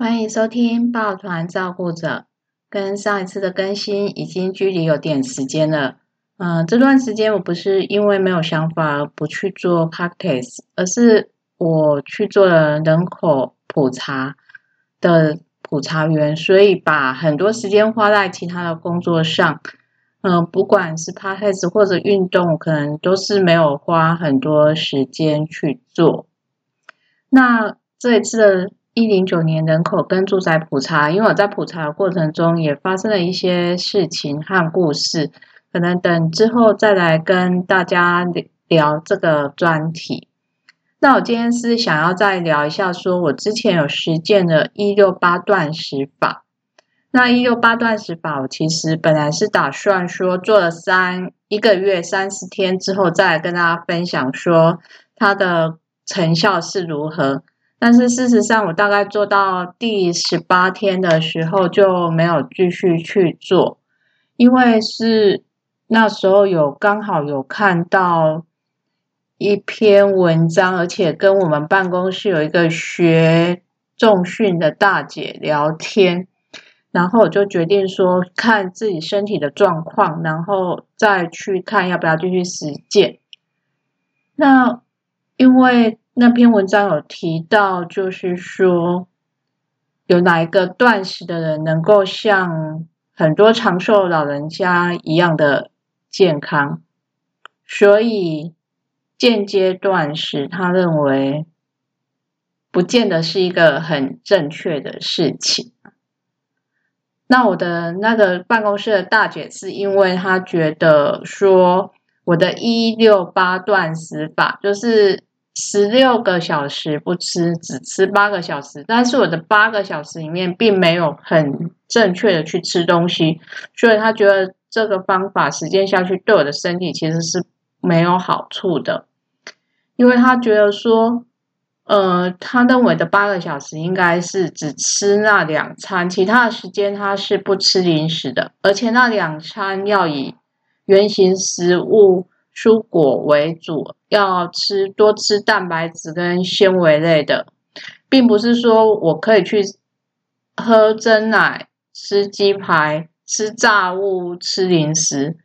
歡迎收聽抱團照顧者。跟上一次的更新已經距離有點時間了。嗯、呃，這段時間我不是因為沒有想法而不去做 practice，而是我去做了人口普查的普查員，所以把很多時間花在其他的工作上。嗯、呃，不管是 practice 或者運動，可能都是沒有花很多時間去做。那這一次的，一零九年人口跟住宅普查，因為我在普查的過程中也發生了一些事情和故事，可能等之後再來跟大家聊這個專題。那我今天是想要再聊一下，說我之前有實踐的“一六八斷食法”。那一六八斷食法，我其實本來是打算說做了三一個月三十天之後，再來跟大家分享說它的成效是如何。但是事實上，我大概做到第十八天的時候就沒有繼續去做，因為是那時候有剛好有看到一篇文章，而且跟我們辦公室有一個學重訓的大姐聊天，然後我就決定說，看自己身體的狀況，然後再去看要不要繼續實踐。那因為。那篇文章有提到，就是說有哪一個斷食的人能夠像很多長壽老人家一樣的健康，所以間接斷食，他認為不見得是一個很正確的事情。那我的那個辦公室的大姐，是因為她覺得說我的168斷食法就是。十六個小時不吃，只吃八個小時。但是我的八個小時裡面，並沒有很正確的去吃東西，所以他覺得這個方法實踐下去，對我的身體其實是沒有好處的。因為他覺得說，呃，他認為的八個小時應該是只吃那兩餐，其他的時間他是不吃零食的，而且那兩餐要以原型食物。蔬果為主要吃，多吃蛋白質跟纖維類的，並不是說我可以去喝珍奶、吃雞排、吃炸物、吃零食。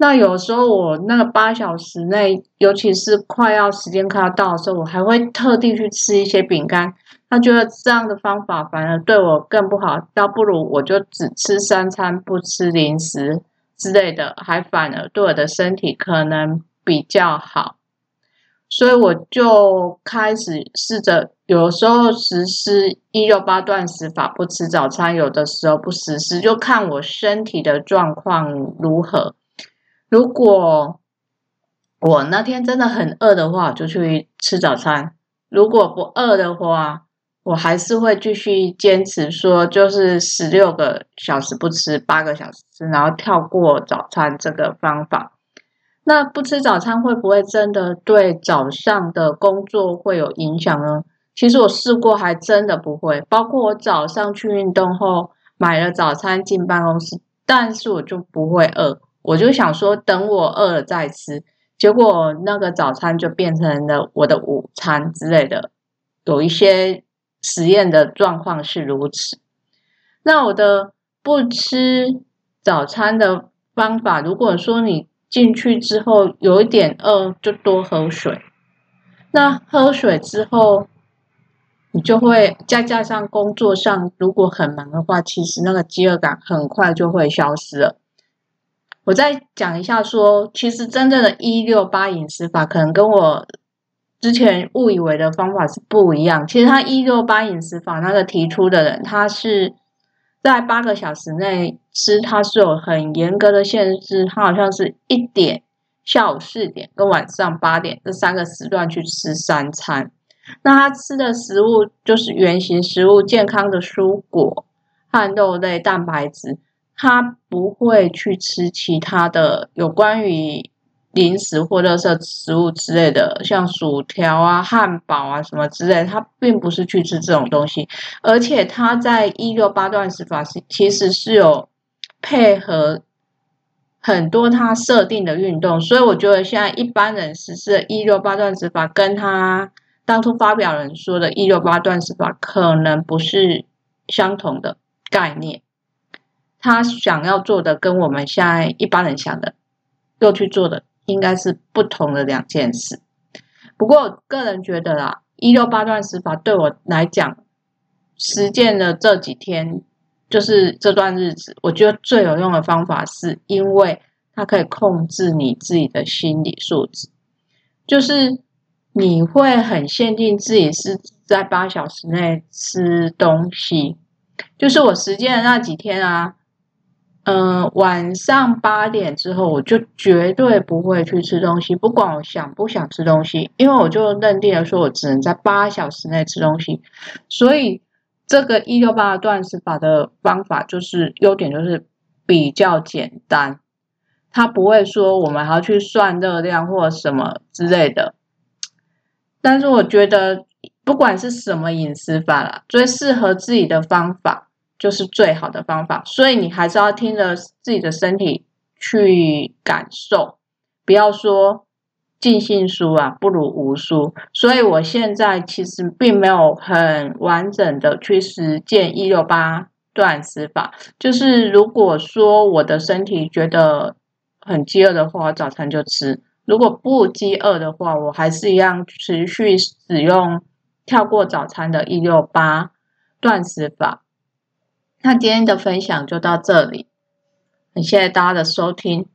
那有時候我那個八小時內，尤其是快要時間快要到的時候，我還會特地去吃一些餅乾。他覺得這樣的方法反而對我更不好，倒不如我就只吃三餐，不吃零食，之類的，還反而對我的身體可能比較好，所以我就開始試着，有時候實施一六八斷食法，不吃早餐；有的時候不實施，就看我身體的狀況如何。如果我那天真的很餓的話，就去吃早餐；如果不餓的話，我還是會繼續堅持說，就是十六個小時不吃，八個小時吃，然後跳過早餐這個方法。那不吃早餐會不會真的對早上的工作會有影響呢？其實我試過，還真的不會。包括我早上去運動後買了早餐進辦公室，但是我就不會餓，我就想說等我餓了再吃。結果那個早餐就變成了我的午餐之類的，有一些。實驗的狀況是如此。那我的不吃早餐的方法，如果說你進去之後有一點餓，就多喝水。那喝水之後，你就會再加上工作上，如果很忙的話，其實那個飢餓感很快就會消失了。我再講一下說，說其實真正的一六八飲食法，可能跟我。之前誤以為的方法是不一樣，其實他一六八飲食法那個提出的人，他是在八個小時內吃，他是有很嚴格的限制，他好像是一點、下午四點跟晚上八點這三個時段去吃三餐，那他吃的食物就是原型食物，健康的蔬果和肉類蛋白質，他不會去吃其他的有關於。零食或垃圾食物之類的，像薯條啊、漢堡啊什麼之類的，他並不是去吃這種東西。而且他在一六八斷食法是其實是有配合很多他設定的運動，所以我覺得現在一般人實施的一六八斷食法，跟他當初發表人說的一六八斷食法，可能不是相同的概念。他想要做的，跟我們現在一般人想的，又去做的。應該是不同的兩件事。不過，我個人覺得啦，一六八斷食法對我來講，實踐的這幾天，就是這段日子，我覺得最有用的方法，是因為它可以控制你自己的心理素質，就是你會很限定自己是在八小時內吃東西。就是我實踐的那幾天啊。嗯、呃，晚上八點之後，我就絕對不會去吃東西，不管我想不想吃東西，因為我就認定了說，我只能在八小時內吃東西。所以，這個一六八斷食法的方法就是優點，就是比較簡單，它不會說我們還要去算熱量或什麼之類的。但是，我覺得不管是什麼飲食法啦，最適合自己的方法。就是最好的方法，所以你還是要聽着自己的身體去感受，不要說盡信書啊，不如無書。所以我現在其實並沒有很完整的去實踐一六八斷食法，就是如果說我的身體覺得很飢餓的話，我早餐就吃；如果不飢餓的話，我還是一樣持續使用跳過早餐的一六八斷食法。那今天的分享就到這裡，很謝謝大家的收聽。